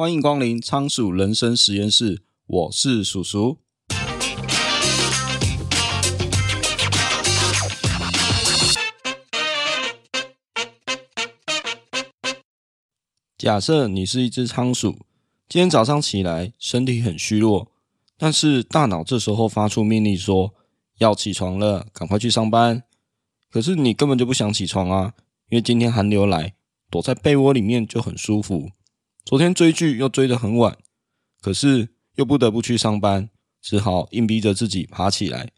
歡迎光臨倉鼠人生實驗室，我是鼠鼠。假設你是一隻倉鼠，今天早上起來身體很虛弱，但是大腦這時候發出命令說要起床了，趕快去上班。可是你根本就不想起床啊，因為今天寒流來，躲在被窩裡面就很舒服。昨天追劇又追得很晚，可是又不得不去上班，只好硬逼着自己爬起來，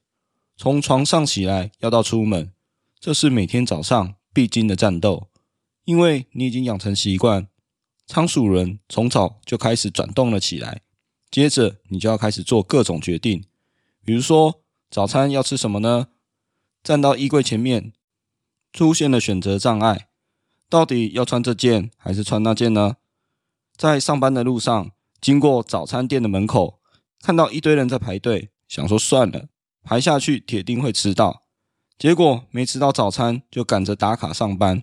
從床上起來要到出門，這是每天早上必經的戰鬥，因為你已經養成習慣，倉鼠人從早就開始轉動了起來，接着你就要開始做各種決定，比如說早餐要吃什麼呢？站到衣櫃前面，出現了選擇障礙，到底要穿這件還是穿那件呢？在上班的路上，經過早餐店的門口，看到一堆人在排隊，想說算了，排下去鐵定會遲到。結果沒吃到早餐，就趕着打卡上班。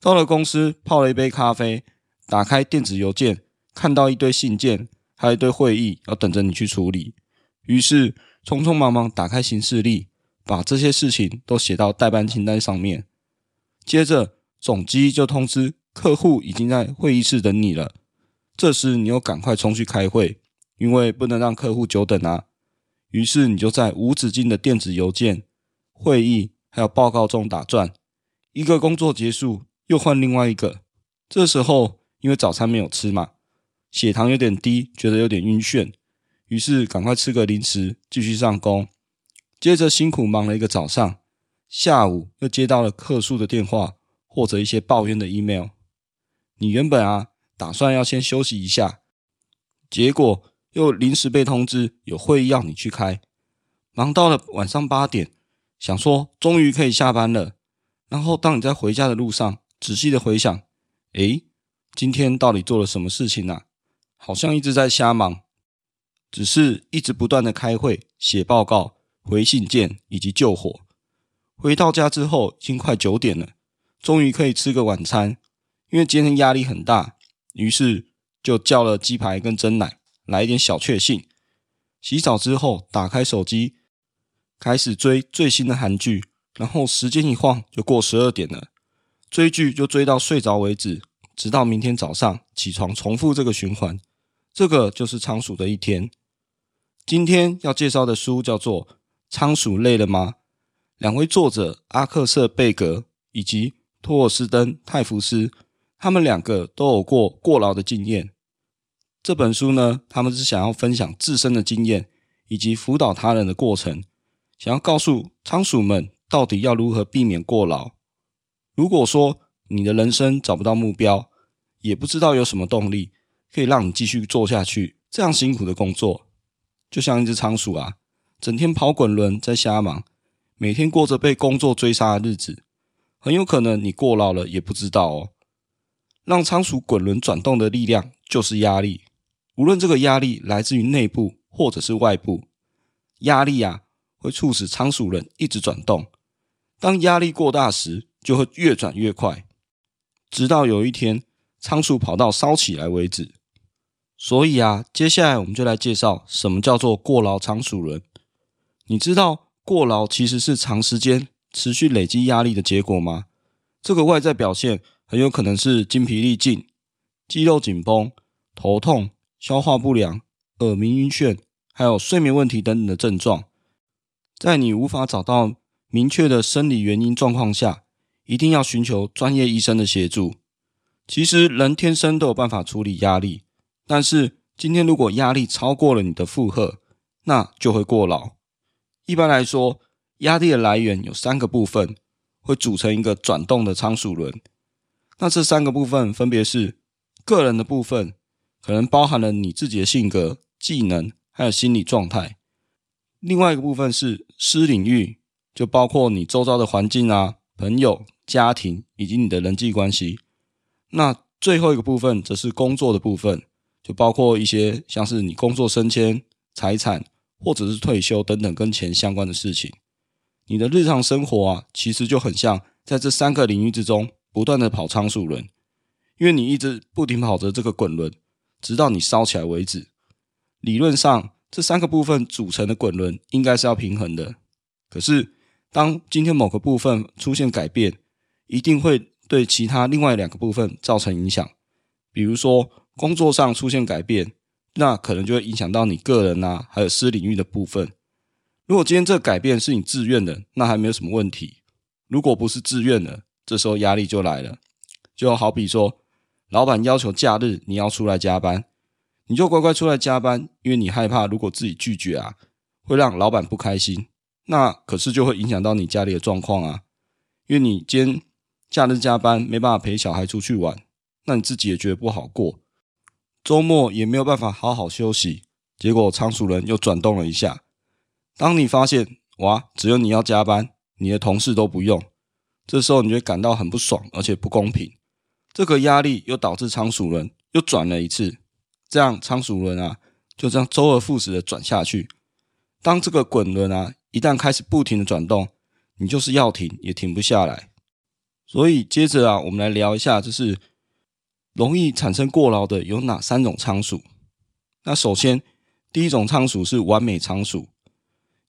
到了公司，泡了一杯咖啡，打開電子郵件，看到一堆信件，還有一堆會議要等着你去處理。於是匆匆忙忙打開行事曆，把這些事情都寫到待辦清單上面。接着總機就通知客戶已經在會議室等你了。這時，你又趕快衝去開會，因為不能讓客戶久等啊。於是，你就在無止境的電子郵件、會議還有報告中打轉，一個工作結束，又換另外一個。這時候，因為早餐沒有吃嘛，血糖有點低，覺得有點暈眩，於是趕快吃個零食，繼續上工。接着，辛苦忙了一個早上，下午又接到了客訴的電話或者一些抱怨的 email。你原本啊。打算要先休息一下，結果又臨時被通知有會議要你去開，忙到了晚上八點，想說終於可以下班了。然後當你在回家的路上仔細的回想，誒，今天到底做了什麼事情啊？好像一直在瞎忙，只是一直不斷的開會、寫報告、回信件以及救火。回到家之後已經快九點了，終於可以吃個晚餐，因為今天壓力很大。於是就叫了雞排跟珍奶來一點小確幸，洗澡之後打開手機，開始追最新的韓劇，然後時間一晃就過十二點了，追劇就追到睡着為止，直到明天早上起床重複這個循環，這個就是倉鼠的一天。今天要介紹的書叫做《倉鼠累了嗎》，兩位作者阿克瑟貝格以及托爾斯登泰伏斯。他們兩個都有過過勞的經驗。這本書呢，他們是想要分享自身的經驗，以及輔導他人的過程，想要告訴倉鼠們到底要如何避免過勞。如果說你的人生找不到目標，也不知道有什麼動力可以讓你繼續做下去這樣辛苦的工作，就像一隻倉鼠啊，整天跑滾輪在瞎忙，每天過着被工作追殺的日子，很有可能你過勞了也不知道哦。讓倉鼠滾輪轉動的力量，就是壓力，無論這個壓力來自於內部或者是外部，壓力啊會促使倉鼠輪一直轉動。當壓力過大時，就會越轉越快，直到有一天倉鼠跑到燒起來為止。所以啊，接下來我們就來介紹什麼叫做過勞倉鼠人。你知道過勞其實是長時間持續累積壓力的結果嗎？這個外在表現。很有可能是筋疲力盡、肌肉緊繃、頭痛、消化不良、耳鳴、暈眩，還有睡眠問題等等的症狀。在你無法找到明確的生理原因狀況下，一定要尋求專業醫生的協助。其實人天生都有辦法處理壓力，但是今天如果壓力超過了你的負荷，那就會過勞。一般來說，壓力的來源有三個部分，會組成一個轉動的倉鼠輪。那這三個部分分別是個人的部分，可能包含了你自己的性格、技能還有心理狀態；另外一個部分是私領域，就包括你周遭的環境啊、朋友、家庭以及你的人際關係；那最後一個部分則是工作的部分，就包括一些像是你工作升遷、財產或者是退休等等跟錢相關的事情。你的日常生活啊，其實就很像在這三個領域之中，不斷的跑倉鼠輪，因為你一直不停跑着這個滾輪，直到你燒起來為止。理論上，這三個部分組成的滾輪應該是要平衡的。可是，當今天某個部分出現改變，一定會對其他另外兩個部分造成影響。比如說，工作上出現改變，那可能就會影響到你個人啊，還有私領域的部分。如果今天這個改變是你自願的，那還沒有什麼問題。如果不是自願的，這時候壓力就來了，就好比說，老闆要求假日你要出來加班，你就乖乖出來加班，因為你害怕如果自己拒絕啊，會讓老闆不開心，那可是就會影響到你家裡的狀況啊，因為你今天假日加班沒辦法陪小孩出去玩，那你自己也覺得不好過，週末也沒有辦法好好休息，結果倉鼠人又轉動了一下，當你發現哇，只有你要加班，你的同事都不用。這時候你就會感到很不爽，而且不公平。這個壓力又導致倉鼠輪又轉了一次，這樣倉鼠輪啊就這樣周而復始的轉下去。當這個滾輪啊一旦開始不停的轉動，你就是要停也停不下來。所以接着啊，我們來聊一下，就是容易產生過勞的有哪三種倉鼠。那首先，第一種倉鼠是完美倉鼠，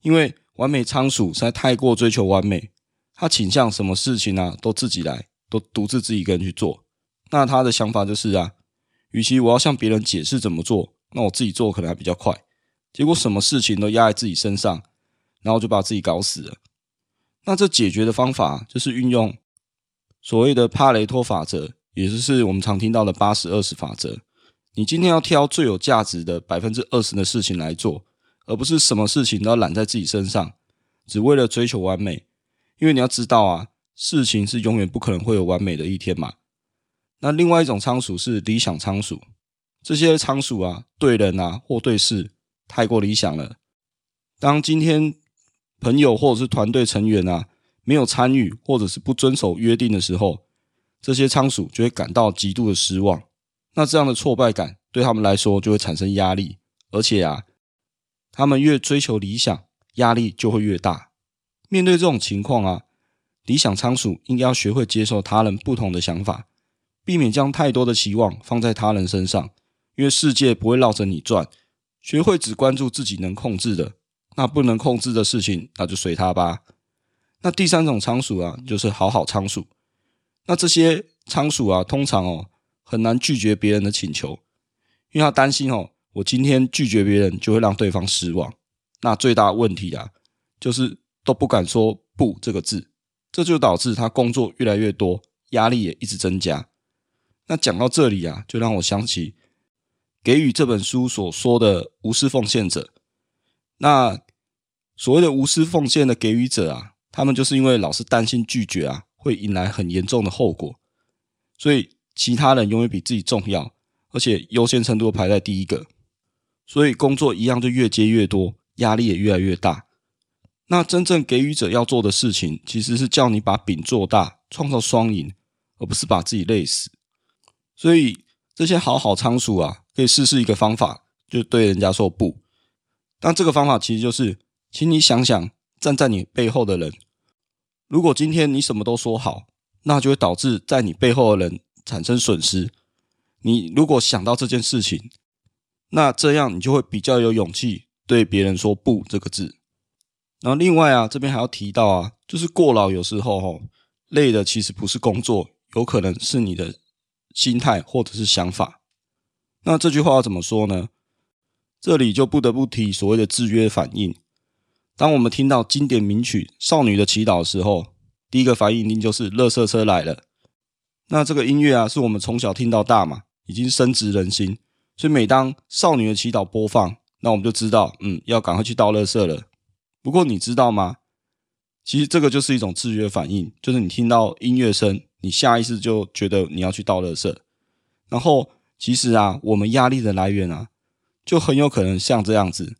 因為完美倉鼠實在太過追求完美。他傾向什麼事情啊，都自己來，都獨自自己一個人去做。那他的想法就是啊，與其我要向別人解釋怎麼做，那我自己做可能還比較快。結果什麼事情都壓在自己身上，然後就把自己搞死了。那這解決的方法就是運用所謂的帕雷托法則，也就是我們常聽到的八十二十法則。你今天要挑最有價值的百分之二十的事情來做，而不是什麼事情都要攬在自己身上，只為了追求完美。因為你要知道啊，事情是永遠不可能會有完美的一天嘛。那另外一種倉鼠是理想倉鼠，這些倉鼠啊，對人啊或對事太過理想了。當今天朋友或者是團隊成員啊，沒有參與或者是不遵守約定的時候，這些倉鼠就會感到極度的失望。那這樣的挫敗感，對他們來說就會產生壓力，而且啊，他們越追求理想，壓力就會越大。面對這種情況啊，理想倉鼠應該要學會接受他人不同的想法，避免將太多的期望放在他人身上，因為世界不會繞着你轉。學會只關注自己能控制的，那不能控制的事情，那就隨他吧。那第三種倉鼠啊，就是好好倉鼠。那這些倉鼠啊，通常哦，很難拒絕別人的請求，因為他擔心哦，我今天拒絕別人就會讓對方失望。那最大的問題啊，就是。都不敢說不這個字，這就導致他工作越來越多，壓力也一直增加。那講到這裡啊，就讓我想起《給予》這本書所說的無私奉獻者。那所謂的無私奉獻的給予者啊，他們就是因為老是擔心拒絕啊，會引來很嚴重的後果，所以其他人永遠比自己重要，而且優先程度排在第一個，所以工作一樣就越接越多，壓力也越來越大。那真正給予者要做的事情，其實是叫你把餅做大，創造雙贏，而不是把自己累死。所以這些好好倉鼠啊，可以試試一個方法，就對人家說不。那這個方法其實就是，請你想想站在你背後的人。如果今天你什麼都說好，那就會導致在你背後的人產生損失。你如果想到這件事情，那這樣你就會比較有勇氣對別人說不這個字。然後另外啊，這邊還要提到啊，就是過勞有時候吼、哦、累的其實不是工作，有可能是你的心態或者是想法。那這句話要怎麼說呢？這裡就不得不提所謂的制約反應。當我們聽到經典名曲《少女的祈禱》的時候，第一個反應一定就是“垃圾車來了”。那這個音樂啊，是我們從小聽到大嘛，已經深植人心，所以每當《少女的祈禱》播放，那我們就知道，嗯，要趕快去倒垃圾了。不過你知道嗎？其實這個就是一種制約反應，就是你聽到音樂聲，你下意識就覺得你要去倒垃圾。然後其實啊，我們壓力的來源啊，就很有可能像這樣子，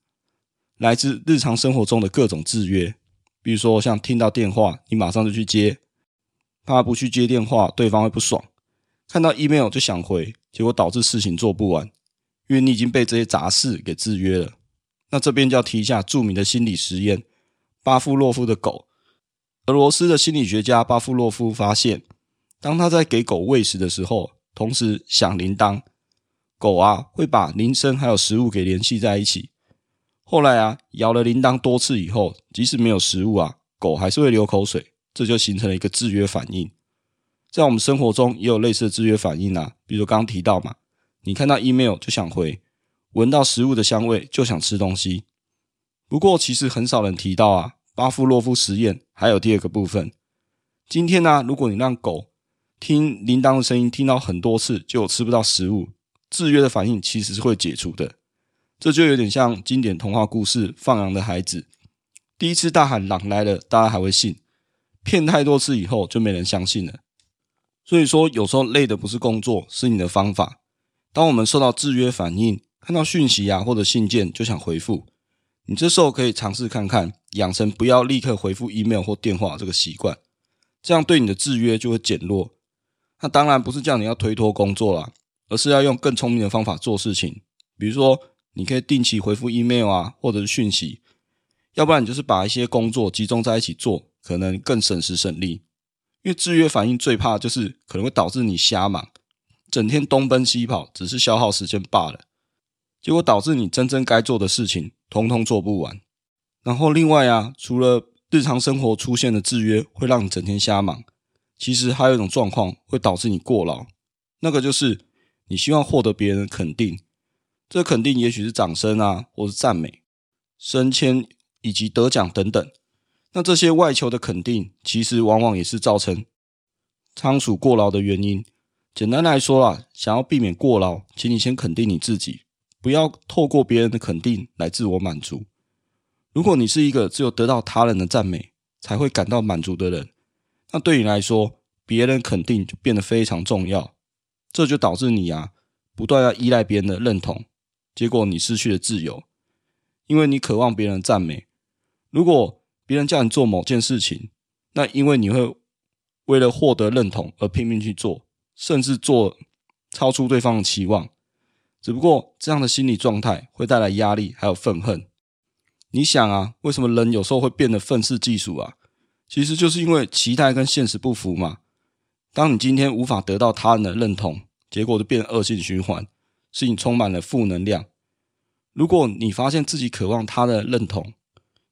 來自日常生活中的各種制約。比如說像聽到電話，你馬上就去接，怕不去接電話對方會不爽；看到 email 就想回，結果導致事情做不完，因為你已經被這些雜事給制約了。那這邊就要提一下著名的心理實驗——巴夫洛夫的狗。俄羅斯的心理學家巴夫洛夫發現，當他在給狗餵食的時候，同時響鈴鐺，狗啊會把鈴聲還有食物給聯繫在一起。後來啊，搖了鈴鐺多次以後，即使沒有食物啊，狗還是會流口水，這就形成了一個制約反應。在我們生活中也有類似的制約反應啊，比如剛剛提到嘛，你看到 email 就想回。聞到食物的香味就想吃東西，不過其實很少人提到啊。巴夫洛夫實驗還有第二個部分。今天呢、啊，如果你讓狗聽鈴鐺的聲音，聽到很多次就有吃不到食物，制約的反應其實是會解除的。這就有點像經典童話故事《放羊的孩子》，第一次大喊“狼來了”，大家還會信；騙太多次以後，就沒人相信了。所以說，有時候累的不是工作，是你的方法。當我們受到制約反應，看到訊息啊，或者信件就想回復，你這時候可以嘗試看看養成不要立刻回復 email 或電話這個習慣，這樣對你的制約就會減弱。那當然不是叫你要推脫工作啦，而是要用更聰明的方法做事情。比如說，你可以定期回復 email 啊，或者是訊息；要不然你就是把一些工作集中在一起做，可能更省時省力。因為制約反應最怕就是可能會導致你瞎忙，整天東奔西跑，只是消耗時間罷了。結果導致你真正該做的事情，通通做不完。然後另外啊，除了日常生活出現的制約，會讓你整天瞎忙，其實還有一種狀況會導致你過勞，那個就是你希望獲得別人的肯定，這肯定也許是掌聲啊，或是讚美、升遷以及得獎等等。那這些外求的肯定，其實往往也是造成倉鼠過勞的原因。簡單來說啦、啊，想要避免過勞，請你先肯定你自己。不要透過別人的肯定來自我滿足。如果你是一個只有得到他人的讚美才會感到滿足的人，那對你來說，別人肯定就變得非常重要。這就導致你啊，不斷要依賴別人的認同，結果你失去了自由，因為你渴望別人的讚美。如果別人叫你做某件事情，那因為你會為了獲得認同而拼命去做，甚至做超出對方的期望。只不過這樣的心理狀態會帶來壓力，還有憤恨。你想啊，為什麼人有時候會變得憤世嫉俗啊？其實就是因為期待跟現實不符嘛。當你今天無法得到他人的認同，結果就變惡性循環，使你充滿了負能量。如果你發現自己渴望他的認同，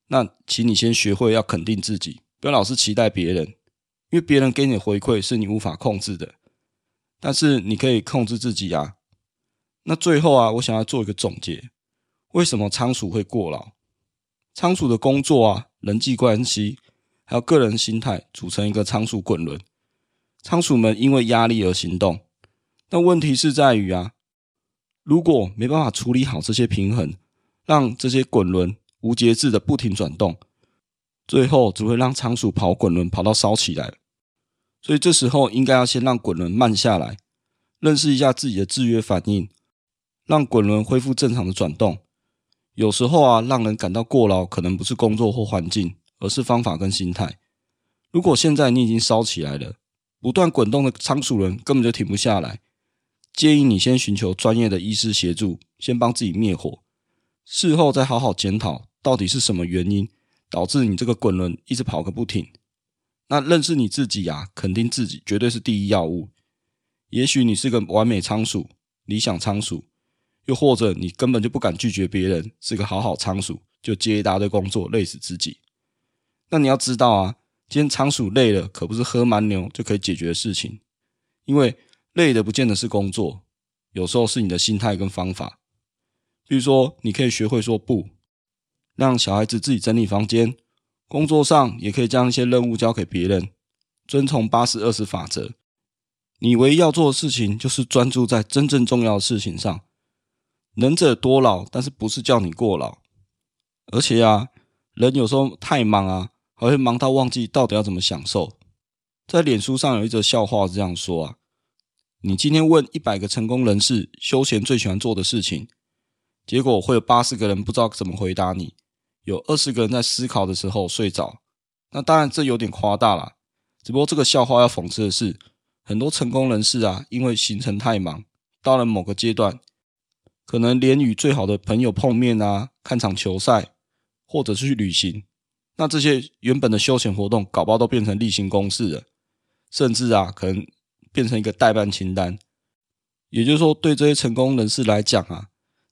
那請你先學會要肯定自己，不要老是期待別人，因為別人給你的回饋是你無法控制的，但是你可以控制自己啊。那最後啊，我想要做一個總結：為什麼倉鼠會過勞？倉鼠的工作啊、人際關係，還有個人心態，組成一個倉鼠滾輪。倉鼠們因為壓力而行動，但問題是在於啊，如果沒辦法處理好這些平衡，讓這些滾輪無節制的不停轉動，最後只會讓倉鼠跑滾輪跑到燒起來。所以這時候應該要先讓滾輪慢下來，認識一下自己的制約反應。讓滾輪恢復正常的轉動。有時候啊，讓人感到過勞，可能不是工作或環境，而是方法跟心態。如果現在你已經燒起來了，不斷滾動的倉鼠人根本就停不下來。建議你先尋求專業的醫師協助，先幫自己滅火，事後再好好檢討到底是什麼原因導致你這個滾輪一直跑個不停。那認識你自己呀、啊，肯定自己絕對是第一要務。也許你是個完美倉鼠，理想倉鼠。又或者你根本就不敢拒絕別人，是個好好倉鼠，就接一大堆工作，累死自己。那你要知道啊，今天倉鼠累了，可不是喝蠻牛就可以解決的事情。因為累的不見得是工作，有時候是你的心態跟方法。比如說，你可以學會說不，讓小孩子自己整理房間，工作上也可以將一些任務交給別人，遵從八十二十法則。你唯一要做的事情，就是專注在真正重要的事情上。能者多勞，但是不是叫你過勞？而且啊，人有時候太忙啊，還會忙到忘記到底要怎麼享受。在臉書上有一則笑話這樣說啊：你今天問一百個成功人士休閒最喜歡做的事情，結果會有八十個人不知道怎麼回答你，有二十個人在思考的時候睡着。那當然這有點誇大了，只不過這個笑話要諷刺的是，很多成功人士啊，因為行程太忙，到了某個階段。可能連與最好的朋友碰面啊，看場球賽，或者是去旅行，那這些原本的休閒活動，搞不好都變成例行公事了，甚至啊，可能變成一個待辦清單。也就是說，對這些成功人士來講啊，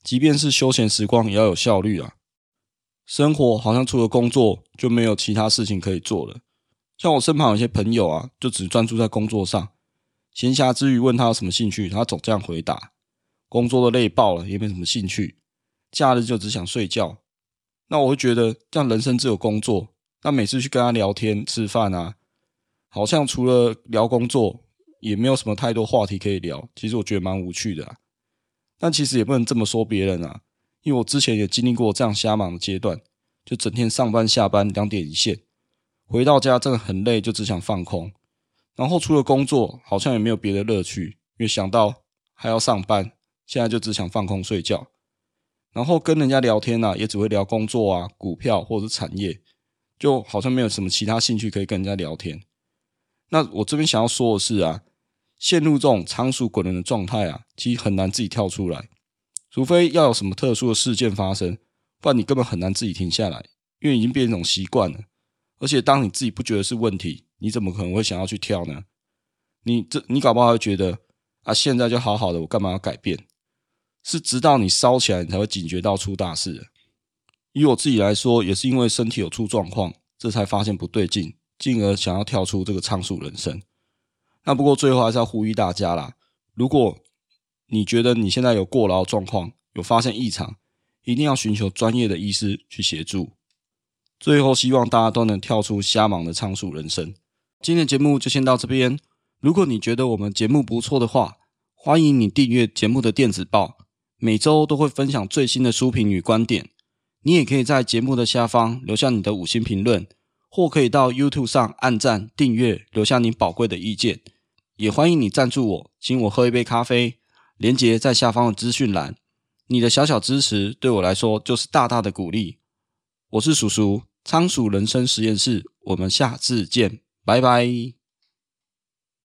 即便是休閒時光，也要有效率啊。生活好像除了工作就沒有其他事情可以做了。像我身旁有些朋友啊，就只專注在工作上，閒暇之餘問他有什麼興趣，他總這樣回答。工作都累爆了，也沒什麼興趣。假日就只想睡覺。那我會覺得，這樣人生只有工作。那每次去跟他聊天、吃飯啊，好像除了聊工作，也沒有什麼太多話題可以聊。其實我覺得蠻無趣的啊。但其實也不能這麼說別人啊，因為我之前也經歷過這樣瞎忙的階段，就整天上班下班兩點一線，回到家真的很累，就只想放空。然後除了工作，好像也沒有別的樂趣。因為想到還要上班。現在就只想放空睡覺，然後跟人家聊天啊，也只會聊工作啊、股票或者是產業，就好像沒有什麼其他興趣可以跟人家聊天。那我這邊想要說的是啊，陷入這種倉鼠滾輪的狀態啊，其實很難自己跳出來，除非要有什麼特殊的事件發生，不然你根本很難自己停下來，因為已經變成一種習慣了。而且當你自己不覺得是問題，你怎麼可能會想要去跳呢？你這你搞不好會覺得啊，現在就好好的，我幹嘛要改變？是直到你燒起來，你才會警覺到出大事了。以我自己來說，也是因為身體有出狀況，這才發現不對勁，進而想要跳出這個倉鼠人生。那不過最後還是要呼籲大家啦，如果你覺得你現在有過勞狀況，有發現異常，一定要尋求專業的醫師去協助。最後，希望大家都能跳出瞎忙的倉鼠人生。今天節目就先到這邊。如果你覺得我們節目不錯的話，歡迎你訂閱節目的電子報。每週都會分享最新的書評與觀點，你也可以在節目的下方留下你的五星評論，或可以到 YouTube 上按贊、訂閱，留下你寶貴的意見。也歡迎你贊助我，請我喝一杯咖啡，連結在下方的資訊欄。你的小小支持對我來說就是大大的鼓勵。我是鼠叔，倉鼠人生實驗室，我們下次見，拜拜。